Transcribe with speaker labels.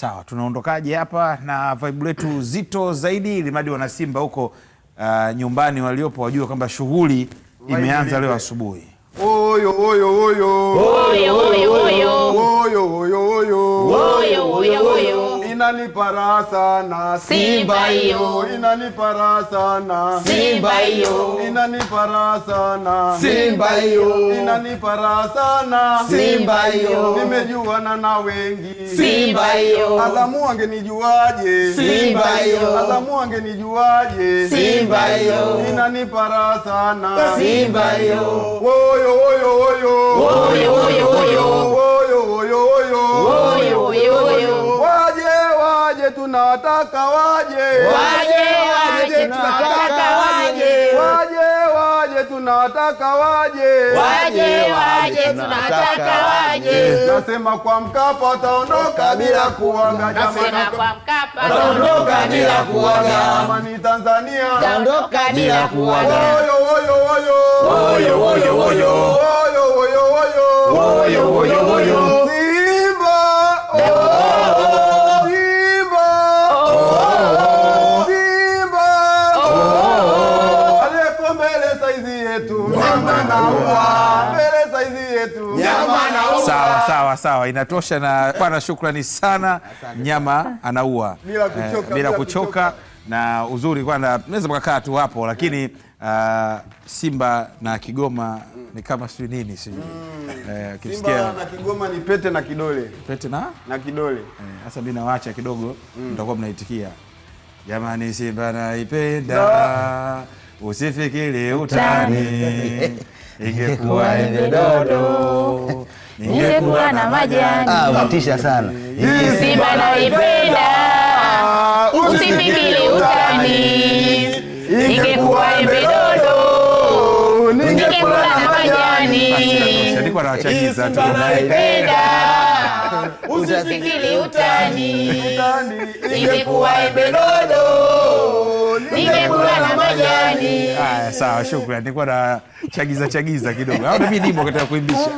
Speaker 1: Sawa, tunaondokaje hapa na vaibu letu zito zaidi, ili wana wanasimba huko uh, nyumbani waliopo wajue kwamba shughuli imeanza leo asubuhi.
Speaker 2: Oyo oyo oyo
Speaker 3: oyo oyo
Speaker 2: oyo oyo
Speaker 3: oyo oyo
Speaker 2: inanipa raha sana
Speaker 3: Simba hiyo,
Speaker 2: inanipa raha sana
Speaker 3: Simba hiyo,
Speaker 2: inanipa raha sana
Speaker 3: Simba hiyo,
Speaker 2: inanipa raha sana
Speaker 3: Simba hiyo,
Speaker 2: nimejuana na wengi
Speaker 3: Simba hiyo,
Speaker 2: Azamu angenijuaje
Speaker 3: Simba hiyo,
Speaker 2: Azamu angenijuaje
Speaker 3: Simba hiyo,
Speaker 2: inanipa raha sana
Speaker 3: Simba hiyo,
Speaker 2: woyo woyo woyo tunawataka waje
Speaker 3: waje waje tunawataka waje
Speaker 2: waje waje tunawataka waje
Speaker 3: waje waje tunawataka waje.
Speaker 2: Nasema kwa Mkapa wataondoka bila kuaga,
Speaker 3: nasema kwa Mkapa wataondoka bila kuaga,
Speaker 2: amani Tanzania
Speaker 3: wataondoka bila kuaga.
Speaker 2: Oyo oyo oyo
Speaker 3: oyo oyo oyo
Speaker 1: Sawa sawa sawa, inatosha. Na bwana, shukrani sana. Nyama anaua eh, bila kuchoka, kuchoka na uzuri kwana naweza mkakaa tu hapo lakini uh, Simba na Kigoma ni kama sijui nini sijui mm.
Speaker 2: eh, Simba na Kigoma ni pete na kidole, pete na na kidole.
Speaker 1: Sasa eh, mimi nawaacha kidogo, mm. mtakuwa mm, mnaitikia jamani, Simba naipenda usifikiri utani ningekuwa dodo
Speaker 3: ningekuwa na majani.
Speaker 1: Ah, matisha sana.
Speaker 3: Simba naipenda, usimikili utani. Ningekuwa dodo ningekuwa na majani.
Speaker 1: Alikuwa ah, na wachagiza
Speaker 3: tu. Naipenda, usifikiri utani. Ningekuwa dodo
Speaker 1: sawa, eh. shukrani. Nilikuwa na chagiza chagiza kidogo, au nami nimo katika kuimbisha